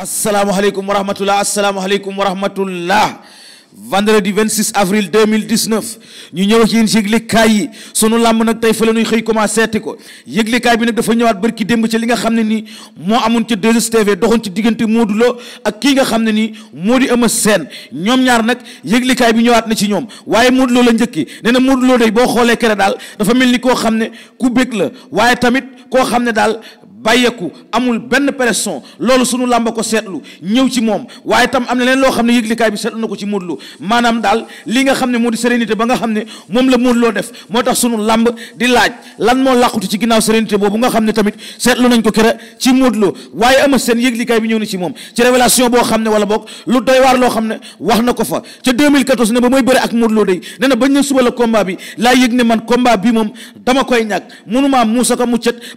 asalaamaaleykum wa rahmatulah asalaamaaleykum wa rahmatulah. vendredi 26 avril 2019 ñu ñëw ci yéen ci yëglikaay yi sunu làmb nag tey fa la xëy commencé seeti ko yëglikaay bi nag dafa ñëwaat bërki démb ci li nga xam ne nii moo amoon ca 2STV doxoon ci diggante Modou ak kii nga xam ne nii moo di Eumeu seen ñoom ñaar nag yëglikaay bi ñëwaat na ci ñoom waaye Modou Lo la njëkki nee na Modou boo xoolee kere daal dafa mel ni koo xam ne ku bég la waaye tamit koo xam ne daal bàyyeeku amul benn pression loolu sunu làmba ko seetlu ñëw ci moom waaye tam am na leen loo xam ne yëglikaay bi seetlu na ko ci Modou Lo maanaam daal li nga xam ne moo di sérénité ba nga xam ne moom la Modou Lo def moo tax sunu làmb di laaj lan moo làqutu ci ginnaaw sérénité boobu nga xam ne tamit seetlu nañ ko kere ci Modou Lo waaye ama seen yëglikaay bi ñëw na ci moom ci révélation boo xam ne wala boog lu doy waar loo xam ne wax na ko fa ca 2014 ne ba mooy bëre ak Modou Lo day ne na bañ na suba la combat bi laa yëg ne man combat bi moom dama koy ñàkk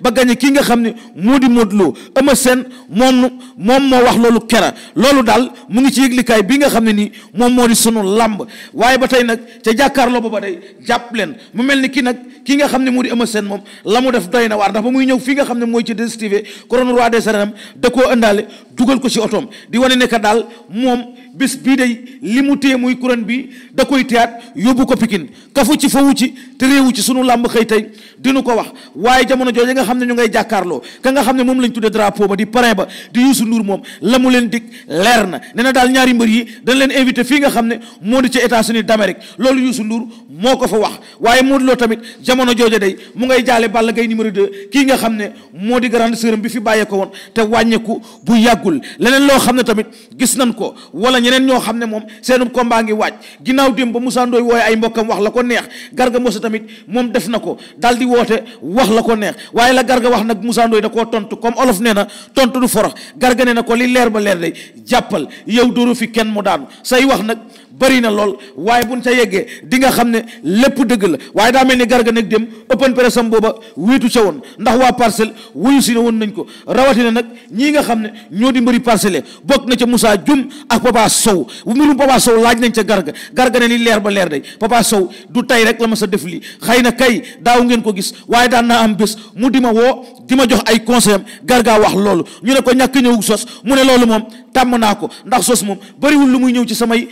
ba gagné kii nga xam ne moo di Modou Lo Eumeu Sène moom moom moo wax loolu kera loolu daal mu ngi ci yëglikaay bi nga xam ne nii moom moo di sunu làmb waaye ba tey nag ca jàkkaarloo ba ba tey jàpp leen mu mel ni ki nag ki nga xam ne moo di Eumeu seen moom la mu def doy na waar ndax ba muy ñëw fii nga xam ne mooy ci destivé couronne roi des arènes da koo ëndaale dugal ko ci otoom di wane ne que daal moom bis bii day li mu téye muy couronne bi da koy teyaat yóbbu ko Pikine kafu ci fawu ci te réewu ci sunu làmb xëy tey dinu ko wax waaye jamono jooju nga xam ne ñu ngay jàkkaarloo ka nga xam ne moom lañ tudde drapeau ba di parrain ba di Youssou Ndour moom la mu leen dig leer na nee na daal ñaari mbër yi dañ leen invité fii nga xam ne moo di ci États-Unis d'Amérique loolu Youssou Ndour moo ko fa wax waaye Modou Lo tamit jamono jooja day mu ngay jaale Balla Gaye numéro 2 kii nga xam ne moo di grande sœur bi fi bàyyee ko woon te wàññeeku bu yàggul leneen loo xam ne tamit gis nañ ko wala ñeneen ñoo xam ne moom seenu combat ngi waaj ginnaaw démb ba Moussa Ndoye wooye ay mbokkam wax la ko neex garga mosa tamit moom def na ko daal di woote wax la ko neex waaye la garga wax nag Moussa Ndoye koo tontu comme olof nee na tontu du foro garga nee na ko li leer ba leer day jàppal yow dóoru fi kenn mu daanu say wax nag bëri na lool waaye bu buñ ca yeggee di nga xam ne lépp dëgg la waaye daa mel ni garga nag dem open press am booba wéetu ca woon ndax waa parcelle wuyu si ne woon nañ ko rawatina nag ñi nga xam ne ñoo di mbëri parcelle bokk na ca Moussa Dioum ak Papa Sow mbirum Papa Sow laaj nañ ca garga garga ne li leer ba leer day Papa Sow du tey rek la ma sa def lii xëy na kay daaw ngeen ko gis waaye daan naa am bés mu di ma woo di ma jox ay conseil am garga wax loolu ñu ne ko ñàkk ñëwug sos mu ne loolu moom tàmm naa ko ndax sos moom bëriwul lu muy ñëw ci samay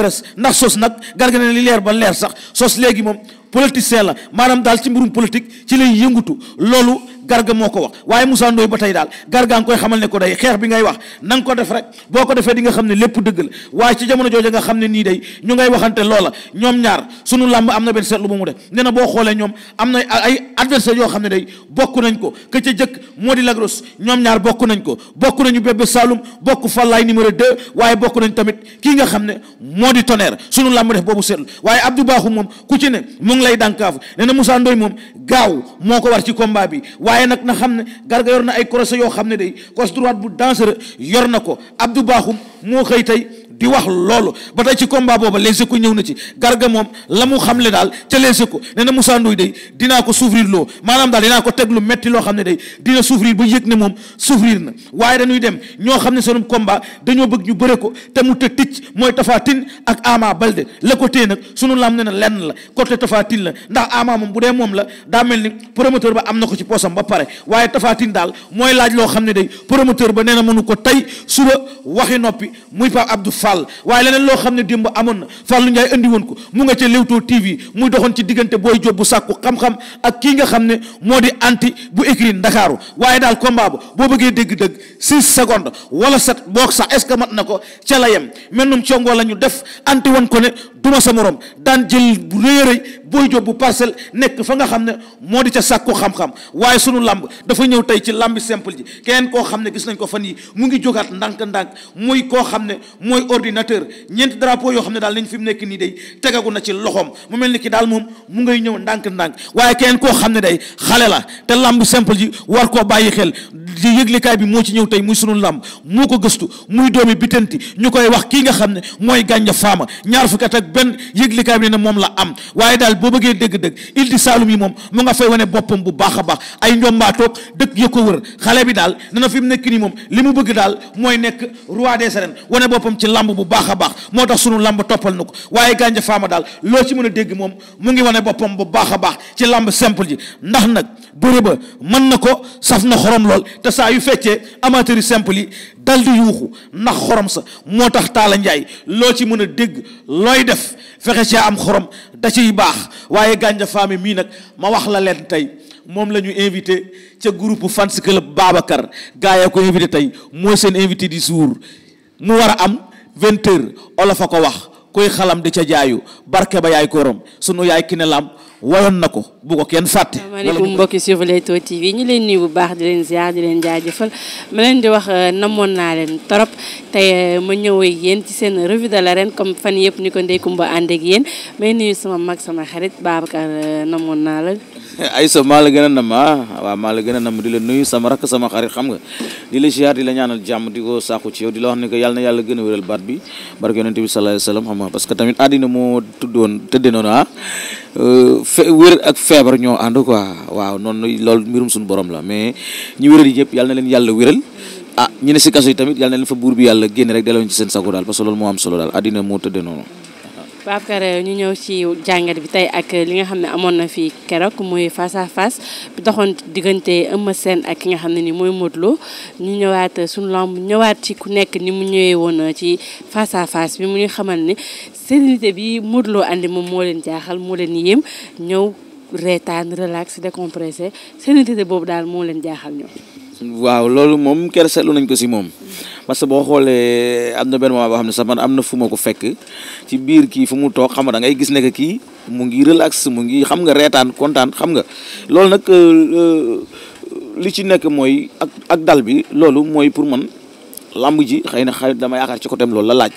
presse ndax sos nag garga ne li leer ba leer sax sos léegi moom politicien la maanaam daal ci mbirum politique ci lay yëngutu loolu garga moo ko wax waaye Moussa Ndoye ba tey daal garga nga koy xamal ne ko day xeex bi ngay wax na nga ko def rek boo ko defee di xam ne lépp dëgg la waaye ci jamono jooju nga xam ne nii day ñu ngay waxante loola ñoom ñaar sunu làmb am na benn seetlu bu mu def nee na boo xoolee bokk nañ ko ke ca jëkk moo di lagros ñoom ñaar bokk ko bokk nañu bébé waaye bokk nañ tamit kii nga xam ne moo di tonnerre sunu làmb def boobu seetlu waaye Abdou Bakhoum moom ku ci ne mu ngi lay dànkaafu nee na Moussa Ndoye moom gaaw moo ko waaye waaye nag na xam ne garga yor na ay croisé yoo xam ne day croisé droite bu dangereux yor na ko Abdou Bakhoum moo xëy tey di wax loolu ba tey ci combat booba Les Échos ñëw na ci garga moom la mu xamle daal ca Les Échos nee na Moussa Ndoye day dinaa ko souffrir loo maanaam daal dinaa ko teg lu metti loo xam ne day dina souffrir ba yëg ne moom souffrir na waaye dañuy dem ñoo xam ne seenum combat dañoo bëgg ñu bëre ko te mu te ticc mooy Tapha Tine ak Ama Baldé la ko téye nag sunu lam ne na lenn la côté Tapha la ndax Ama moom bu dee moom la daa mel ni promoteur ba am na ko ci poosam ba pare waaye Tapha daal mooy laaj loo xam ne day promoteur ba nee na mënu ko tey suba waxi noppi muy Pape Abdou Fall Fall waaye leneen loo xam ne démb amoon na Fallou Ndiaye andi woon ko mu nga ca Leewtoo TV muy doxoon ci diggante booy job bu sàkku xam-xam ak kii nga xam ne moo di anti bu écrit Ndakaaru waaye daal combat ba boo bëggee dégg-dëgg six secondes wala sept boo sax est-ce que mat na ko ca la yem mel num congoo la ñu def anti woon ko ne duma sa morom daan jël bu rëy rëy booy job bu parcelle nekk fa nga xam ne moo di ca sàkku xam-xam waaye sunu làmb dafa ñëw tey ci làmbi simple ji keneen koo xam ne gis nañ ko fan yi mu ngi jógaat ndànk-ndànk muy koo xam ne mooy ordinateur ñeenti drapeau yoo xam ne daal nañ fi mu nekk nii day tegagu na ci loxoom mu mel ni ki daal moom mu ngay ñëw ndànk-ndànk waaye keneen koo xam ne day xale la te làmb simple ji war koo bàyyi xel di yëglikaay bi moo ci ñëw tey muy sunu làmb moo ko gëstu muy doomi bitanti ñu koy wax kii nga xam ne mooy gànja faama ñaar fukki ak benn yëglikaay bi ne moom la am waaye daal boo bëggee dëgg-dëgg il di saalum yi moom mu nga fay wane boppam bu baax a baax ay njombaatoog dëkk ya ko wër xale bi daal nana fi mu nekk nii moom li mu bëgg daal mooy nekk roi des arènes wane boppam ci lamb bu baaxa baax moo tax sunu lamb toppal na ko waaye gànja faama daal loo ci mën a dégg moom mu ngi wane boppam bu baax a baax ci lamb simple ji ndax nag bëre ba mën na ko saf na xorom lool te saa yu feccee amateur yi simple dal yuuxu ndax xorom sa moo tax taala njaay loo ci mën a dégg looy def fexe caa am xorom da ciy baax waaye gànja faami mii nag ma wax la leen tey moom la ñu invité ca groupe fans club Babacar gaa yaa ko invité tey mooy seen invité du jour mu war a am vingt heures olof a ko wax koy xalam di ca jaayu barke ba yaay korom sunu yaay kine lam wayoon na ko bu ko kenn fàtte. asalaamaaleykum mbokki suivre Leewtoo TV ñu leen nii bu baax di leen ziar di leen jaajëfal ma leen di wax euh, namoon naa leen trop tey euh, ma ñëw ak ci seen revue de l'arène comme fan yëpp ni ko Ndeye Comba ànd ak yéen may nii sama mag sama xarit Babacar euh, namoon naa la. Aysa maa la gën a nam ah maa la gën a nam di la nuyu sama rakk sama xarit xam nga di la ziar di la ñaanal jàmm di ko saaxu ci yow di la wax ne que yàlla na yàlla gën a wéral baat bi barke yonent bi sallallahu alayhi wasallam xam nga parce que moo tuddoon noonu ah euh, ak feebar ñoo ànd quoi waaw noonu loolu mbirum suñu borom la mais ñu wéral yi ñëpp yàlla na leen yàlla wéral ah ñu ne si kaso yi tamit yàlla na leen fa buur bi yàlla génn rek delloo ci seen sago daal parce que loolu moo am solo daal àddina moo tëdde noonu Babacar ñu ñëw ci jàngat bi tey ak li nga xam ne amoon na fi keroog mooy face à face bi doxoon diggante Eumeu seen ak ki nga xam ne ni mooy Modou ñu ñëwaat suñu lamb ñëwaat ci ku nekk ni mu ñëwee woon ci face à face bi mu ñu xamal ne sérénité bi Modou Lo moom moo leen jaaxal moo leen yéem ñëw reetaan relax décompressé sérénité boobu daal moo leen jaaxal ñoom. waaw loolu moom ker seetlu nañ ko si moom parce que boo xoolee am na benn moment boo xam ne sax man am na fu ma ko fekk ci biir kii fu mu toog xam nga da ngay gis ne que kii mu ngi relax mu ngi xam nga reetaan kontaan xam nga loolu nag euh, euh, li ci nekk mooy ak ak dal bi loolu mooy pour man lamb ji xëy na xëy dama yaakaar ci côté loolu la laaj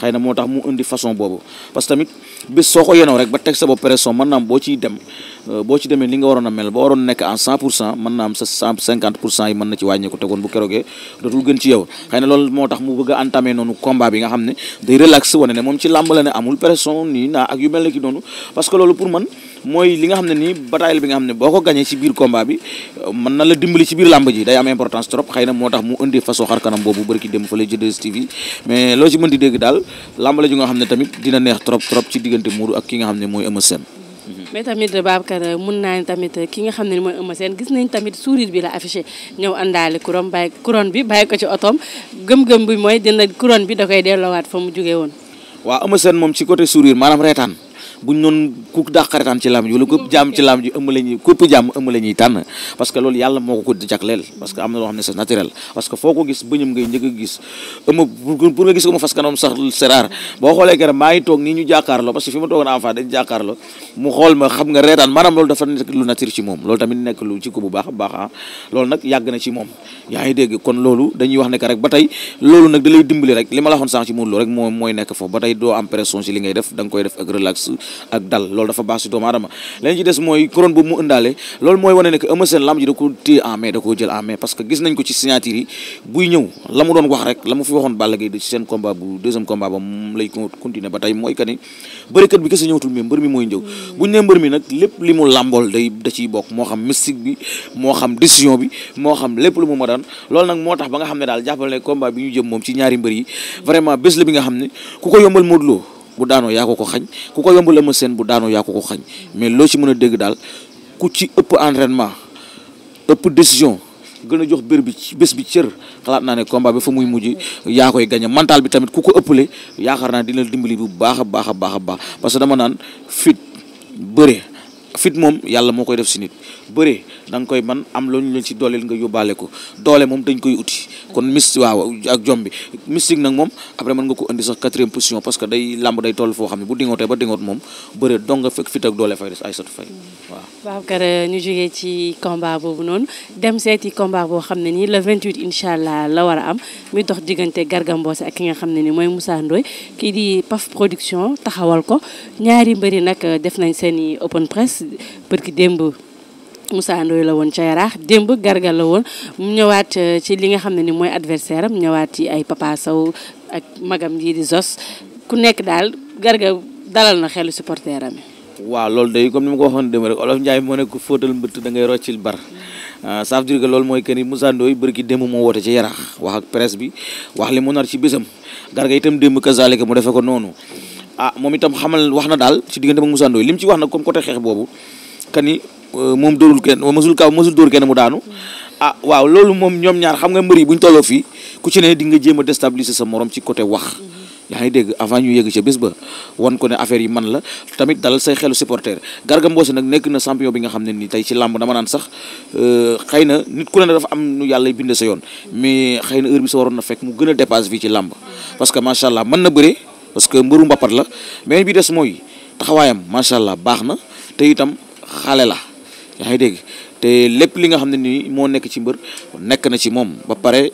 xëy na moo tax mu indi façon boobu parce que tamit bés soo ko yenoo rek ba teg sa bopp pression man naam boo ci dem. Euh, boo ci demee ni nga waroon a mel ba waroon nekk en cent pour cent mën na am sa cinquante pour cent yi mën na ci wàññeeku tegoon bu keroogee dootul gën ci yow xëy na moo tax mu bëgg a entamé noonu combat bi nga xam ne day que loolu pour man mooy li nga xam ne nii bataille xam ne boo ko gañee ci biir combat bi euh, mën na la dimbali ci biir làmb ji day am importance trop xëy na tax mu indi façon xar kanam boobu bëri ki dem fële jëdees daal làmb la ji nga ne tamit dina neex trop trop ci diggante Modou ak ki nga xam ne mooy Eumeu Sène mais tamit Babacar euh, mun naa tamit euh, ki nga xam ne mooy Eumeu seen gis nañ tamit sourire bi la affiché ñëw àndaale couronne bàyyi couronne bi bàyyi ko ci otoom gëm-gëm bi mooy dina kuroon bi da koy delloowaat fa mu jógee woon. waaw Eumeu Sène moom ci côté sourire maanaam reetaan. buñ noon ku daax xaritaan ci lamb ji wala ku jàmm ci lamb ji ëmb la ñuy kupp jàmm tànn parce que loolu yàlla moo ko ko di jagleel parce que am na loo xam ne c'est a boo xoolee keroog maa ngi toog nii ñu jàkkaarloo parce que fi ma toogoon enfant dañ jàkkaarloo mu xool ma xam nga reetaan maanaam loolu dafa lu nature ci moom loolu tamit nekk lu ci ko bu baax a baax ah loolu nag yàgg na ci moom yaa dégg kon loolu dañuy wax ne rek ba tey loolu nag da lay dimbali rek li ma la waxoon sànq ci Modou Lo rek moom mooy nekk foofu ak dal loolu dafa baax si doomu aadama leneen ci des mooy couronne boobu mu ëndaale loolu mooy wane ne que Eumeu Sène lamb ji da téye en main jël en parce que gis nañ ko ci signature yi buy ñëw la mu doon wax rek la mu fi waxoon Balla Gaye ci seen combat bu deuxième combat ba moom lay continuer ba tey mooy que ni bërikat bi kese ñëwatul mais mbër mi mooy hmm. mu làmbool day da bokk moo xam mystique bi moo xam décision bi moo xam lépp lu mu ma daan loolu nag moo tax ba nga xam ne daal jàppal ne combat bi ñu jëm moom ci ñaari mbër yi vraiment bés la bi nga xam ne ku ko yombal Modou Lo bu daanoo yaa ko ko xañ ku ko yombal Eumeu seen bu daanoo yaa ko ko xañ mais loo ci mën a dégg daal ku ci ëpp entraînement ëpp décision gën a jox bér bi bés bi cër xalaat naa ne combat bi fa muy mujj yaa koy gagné mantaal bi tamit ku ko ëppale yaakaar naa dina dimbali bu baax a baax a baax a baax parce que dama naan fit bëre fit moom yàlla moo koy def si nit bëre da nga koy man am loolu leen ci dooleel nga yóbbaale ko doole moom dañ koy uti kon mis waaw ak jom bi mystique nag moom après mën nga ko indi sax quatrième position parce que day làmb day toll foo xam ne bu dingootee ba dingoot moom bëre dong nga fekk fit ak doole fay euh, boobu noonu dem seeti combat boo xam ne nii le 28 incha allah la war a am muy dox diggante Garga Mbossé ak ki nga xam ne ni mooy Moussa Ndoye kii di Paf production taxawal ko ñaari mbëri nag euh, def nañ seen i open press bërki démb Moussa Ndoye la woon ca Yaraax démb Garga la woon mu ñëwaat euh, ci li nga xam ne ni mooy adversaire am ñëwaat ci ay Papa ak magam yi di Zos ku nekk daal Garga dalal na xelu supporter am waaw loolu day comme ni ma ko waxoon démb rek Olof Ndiaye moo ne ku fóotal mbëtt da bar euh, ça veut loolu mooy que ni Moussa Ndoye bërki moo woote ci wax ak presse bi wax li mu nar ci bésam Garga itam démb kazalika mu defe ko noonu ah moom itam xamal wax na daal ci diggante ak Moussa Ndoye li mu ci wax na comme côté xeex boobu kani euh, moom dóorul kenn mësul kaw mësul mu daanu mm. ah waaw loolu moom ñoom ñaar xam nga mbër yi bu ñu tolloo fii ku ci ne di nga jéem a déstabiliser sa morom ci côté wax mm-hmm. yaa ngi dégg avant ñu yëg ca bés ba wan ko ne affaire yi man la tamit dalal say xelu supporter Garga Mbossé nag nekk na champion bi nga xam ne ni tey ci làmb dama naan sax euh, xëy na nit ku ne dafa am nu yàlla binde sa yoon mais xëy na heure bi sa waroon na fekk mu gën a dépasse fii ci làmb mm-hmm. parce que macha a mën na bëre parce que mbëru mbapat la mais bi des mooy taxawaayam macha allah baax na xale la yaa ngi dégg te lépp li nga xam ne ni moo nekk ci mbër nekk na ci moom ba pare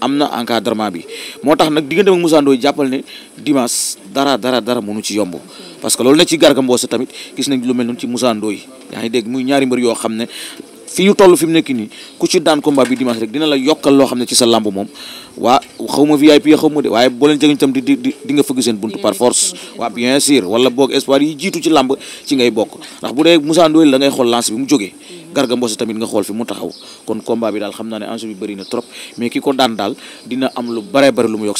am na encadrement bi moo tax nag diggante ak Moussa Ndoye jàppal ne dimanche dara dara dara mënu ci yomb parce que loolu ne ci Garga Mbossé tamit gis nañ lu mel noonu ci Moussa Ndoye yaa ngi dégg muy ñaari mbër yoo xam ne fi ñu toll fi mu nekk nii ku ci daan combat bi dimanche rek dina la yokkal loo xam ne ci sa lamb moom waa xaw ma VIP xaw ma de waaye boo leen jëriñ tam di di nga fëgg seen buntu par force waa bien sûr wala boog espoir yi jiitu ci lamb ci ngay bokk ndax bu dee Moussa Ndoye la xool lance bi mu jógee Garga Mbossé tamit nga xool fi mu taxaw kon combat bi daal xam naa ne enjeu bi trop mais ki ko daan daal dina am lu bare bari lu mu yokk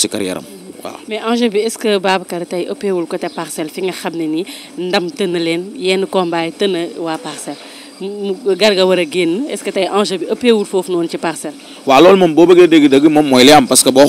garga war a génn est-ce que tey enjeu bi ëppeewul foofu noonu ci parcelle. waaw loolu moom boo bëggee dégg-dëgg moom mooy li am parce que boo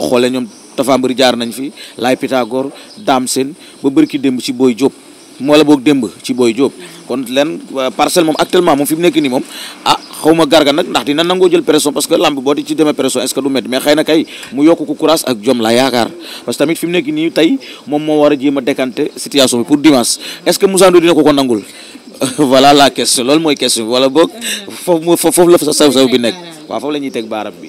xoolee jaar nañ fi Laye Pythagore Dame Sène ba bërki démb ci Boy Diop moo boog démb ci Boy Diop kon len parcelle moom actuellement moom fi mu nekk nii moom ah, xaw ma garga nag ndax dina nangoo jël pression parce que lamb boo di ci demee pression est que du métti mais xëy na kay mu yokk ko courage ak jom la yaakaar parce que tamit fi mu nekk nii tey moom moo war a jéem a décanter situation bi pour dimanche es ce que Moussa dina ko ko nangul voilà la question loolu mooy question wala boog mhm. foofu foofu la saw saw bi nekk mhm. waaw foofu la ñuy teg baaraam bi.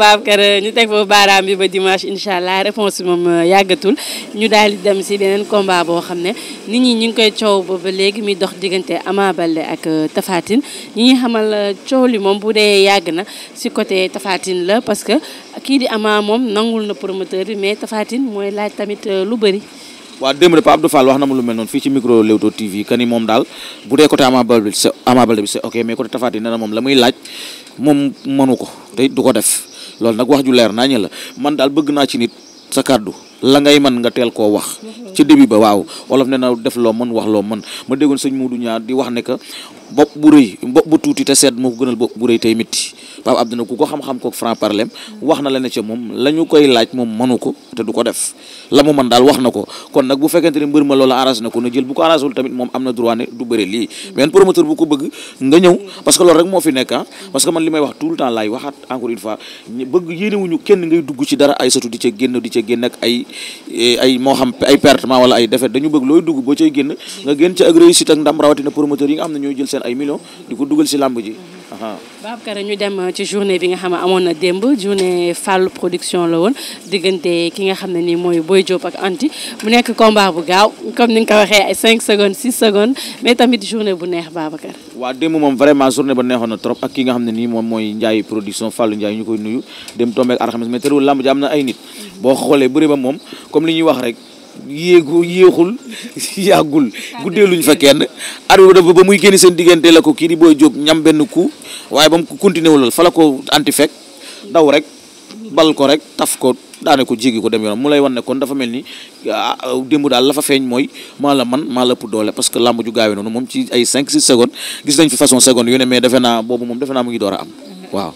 waaw ñu teg baaraam bi ba dimanche incha allah réponse bi moom euh, yàggatul ñu daal di dem si beneen combat boo xam ne nit ñi ñu ngi koy coow ba ba léegi muy dox diggante Ama Baldé ak euh, Tapha Tine ñi xamal euh, coow li moom bu dee yàgg na si côté tafaatin la parce que kii di Ama moom nangul na promoteur bi mais Tapha mooy laaj tamit lu bari waa démb Pape Abdou Fall wax na ma lu mel noonu fii ci micro Leewtoo TV que ni moom daal bu dee côté Ama Baldé bi c'est Ama bi c'est ok mais côté Tapha Tine nee moom la muy laaj moom mënu ko te du ko def loolu nag wax ju leer naa ñu la man daal bëgg naa ci nit sa kàddu la ngay man nga teel koo wax mhm. ci début ba waaw wolof ne na def loo mën wax loo mën ma déggoon sëñ Modou Niang di wax ne que bopp bu rëy bopp bu tuuti te seet moo ko gënal bopp bu rëy tey mitti Pape ko xam mhm. na la ne ca moom laaj moom mënu ko te du ko def la mu moom am na droit ne du mhm. parce que loolu rek moo fi nekk ah. parce que man li may wax tout le temps laay waxaat encore une fois bëgg yéenewuñu kenn ngay dugg ci dara ay satu di ca génn di ca génn ak Eh, ay moo xam ay pertement wala ay défaite dañu bëgg looy dugg boo cay génn nga génn ci ak réussite ak ndam rawatina promoteur yi nga xam ne ñooy jël seen ay millions di ko dugal si làmb ji Babacar ñu dem ci journée bi nga xam ne amoon na démb journée Fallou production la woon diggante ki nga xam ne nii mooy booy Diop ak Anti mu nekk combat bu gaaw comme ni nga ko waxee ay 5 secondes 6 secondes mais tamit journée bu neex Babacar. waaw démb moom vraiment journée ba neexoon na trop ak ki nga xam ne nii moom mooy Ndiaye production Fallou Ndiaye ñu koy nuyu dem tombé ak alxames mais terewul lamb ji na ay nit boo xoolee bëri ba moom comme li ñuy wax rek. yéegu yéexul yàggul guddee luñ fa kenn arbitre dafa ba muy génn seen diggante la ko kii di boo jóob ñam benn ku waaye ba mu ko fa la ko anti fekk daw rek bal ko rek taf ko daane ko jéggi ko dem yoonam mu lay wan ne kon dafa mel ni ah, démb daal la feeñ mooy maa la man maa la ëpp doole parce que làmb ju gaawee noonu moom ci ay 5 6 secondes gis nañ fi façon seconde yu mais defe naa boobu moom defe naa mu ngi door a am waaw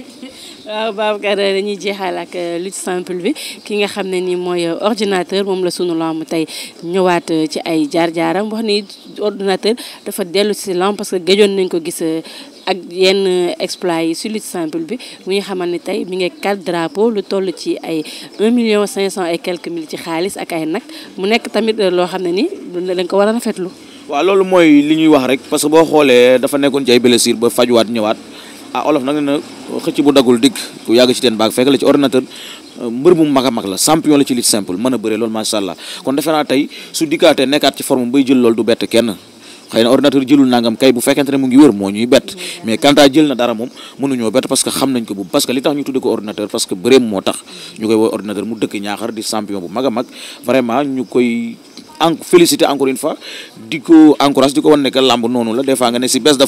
waaw Babacar dañuy jeexal ak euh, lutte simple bi ki nga xam ne nii mooy euh, ordinateur moom la sunu lamb tey ñëwaat euh, ci ay jaar-jaaram wax ni ordinateur dafa dellu si lamb parce que gëjoon nañ ko gis ak yenn exploit yi si lut simple bi mu ñu xamal ni tey mi ngi quatre drapeaux lu toll ci ay 1 million 500 et quelques mille ci xaalis ak ay nag mu nekk tamit loo xam ne nii dañ ko war a rafetlu. waa loolu mooy li ñuy wax rek parce que boo xoolee dafa nekkoon ci ay blessure ba fajuwaat ñëwaat. ah olof nag nee na xëcc bu daggul digg ku yàgg ci teen baag fekk la ci ordinateur euh, mbër mu mag a mag la champion la ci lutte simple mën a bëree loolu macha allah kon defe naa tey su dikkaatee nekkaat ci forme kenn xëy na ordinateur jëlul nangam kay bu fekkente ne mu ngi wër moo ñuy bett mais quant jël na dara moom mënuñoo bett parce que xam nañ ko bu parce que li tax ñu tudde ko ordinateur parce que bëreem moo tax ñu koy woo ordinateur mu dëkk ñaaxar di champion bu mag a mag vraiment ñu koy en félicité encore une ko encourage di ko wan ne que làmb noonu la ne si baisse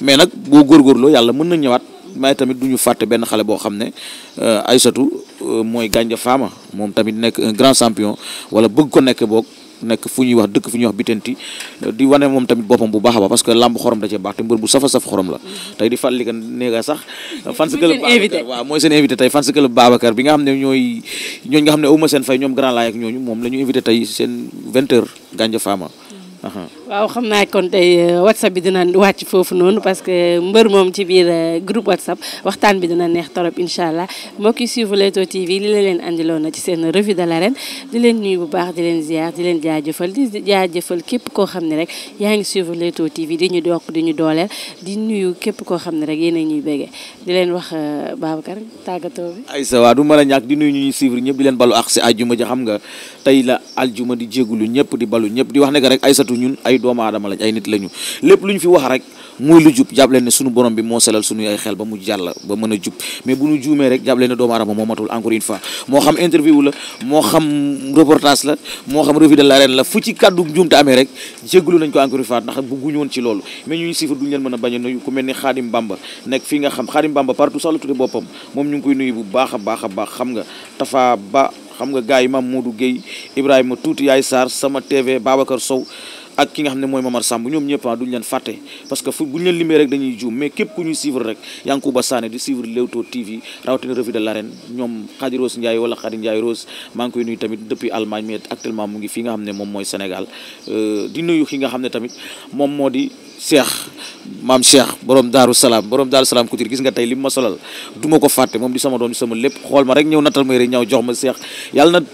mais nag boo góorgóorloo yàlla mën na ñëwaat may tamit duñu ñu fàtte benn xale boo xam ne euh, Aysatu euh, mooy Gandia Fama moom tamit nekk un grand champion wala bëgg ko nekk boog nekk fu ñuy wax dëkk fu ñuy wax bitenti euh, di moom tamit boppam bu baax a baax parce que làmb xorom da cee baax te mbër bu safa saf xorom la mm-hmm. tey di fàttali kan neega sax fans club waaw mooy seen invité tey xam ne ñooy ñooñ nga xam ne awma seen fay ñoom grand laay ak ñooñu moom la ñu invité tey seen vingt heures Gandia waaw xam naa kon tey euh, whatsapp bi dina wàcc foofu noonu parce que mbër moom ci biir euh, groupe whatsapp waxtaan bi dina neex torop incha allah mbokk yi suivre Leewtoo TV li la leen andiloon na ci seen revue de l'arène di leen nuyu bu baax di leen ziar di leen jaajëfal di jaajëfal képp koo xam ne rek yaa ngi suivre Leewtoo TV di ñu dokk di ñu dooleel di nuyu képp koo xam ne rek yéen a ñuy béggee di leen wax euh, rek tàggatoo bi. Aïssa waa du mën a ñàkk di nuyu ñu ñuy suivre ñëpp leen balu ak si aljuma ji xam nga tey la aljuma di jégalu ñëpp di balu ñëpp di wax ne rek Aïssatu ñun ay ay doomu aadama lañ ay nit lañu lépp lu ñu fi wax rek muy lu jub jàpp leen ne sunu borom bi moo selal sunu ay xel ba mu jàll ba mën a jub mais bu ñu juumee rek jàpp leen ne doomu aadama moo matul encore une fois moo xam interview la moo xam reportage la moo xam revue de l'arène la fu ci kàddu njuumte amee rek jéggalu ko encore une fois ndax woon ci loolu mais ñuy siifar duñ leen mën a bañ a nuyu ku mel ni Xaadim Bamba nekk fii nga xam Xaadim Bamba partout sax la tudde boppam moom ñu ngi koy nuyu bu baax a baax a baax xam nga Tafa Ba xam nga gars yi Mamadou Guèye Ibrahima tuuti yaay Sarr sama TV Babacar Sow ak ki nga xam ne mooy Mamar Samb ñoom ñëpp ah duñ leen fàtte parce que fu buñ leen limee rek dañuy juum mais képp ku ñuy suivre rek Yankuba Sané di suivre Leewtoo TV rawatina revue de l'arène ñoom Khady Rose Ndiaye wala Khady Ndiaye Rose maa koy nuyu tamit depuis Allemagne mais actuellement mu ngi fi ne moom mooy Sénégal euh, di nuyu ki nga xam ne tamit moom moo di Cheikh maam Cheikh borom Daaru Salaam borom Daaru Salaam Couture gis nga tey lim ma solal du ma ko fàtte moom di sama doom di sama lépp xool ma rek ñëw nattal may rek ñëw jox ma Cheikh yàlla na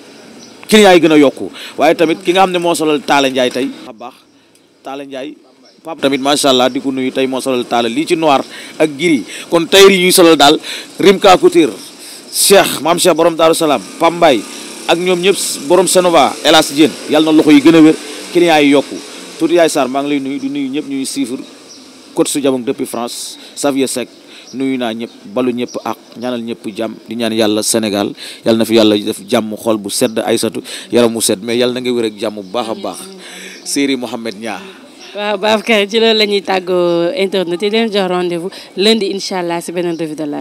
clients yi gën a yokku waaye tamit ki nga xam ne moo solal Talla Ndiaye tey a baax Talla Ndiaye pap tamit macha allah di ko nuyu tey moo solal Talla lii ci noir ak giri kon tey ri ñuy solal daal Rimka Couture Cheikh maam Cheikh borom Daaru Salaam Pam Mbaye ak ñoom ñëpp borom Senova Elas Dieng yàlla na loxo yi gën a wér clients yi yokku tuuti yaay Sarr maa ngi lay nuyu di nuyu ñëpp ñuy suivre coach su Jabong depuis France Xavier Seck nuyu naa ñëpp balu ñëpp ak ñaanal ñëpp jàmm di ñaan yàlla Sénégal yàlla na fi yàlla def jàmm xol bu sedd Aysatu yaram mu sedd mais yàlla na nga wér ak jàmm bu baax a baax Siri Mohamed Niang waaw Babacar ci loolu la ñuy tàggoo internet yi leen jox rendez-vous lundi si benn revue de l'arène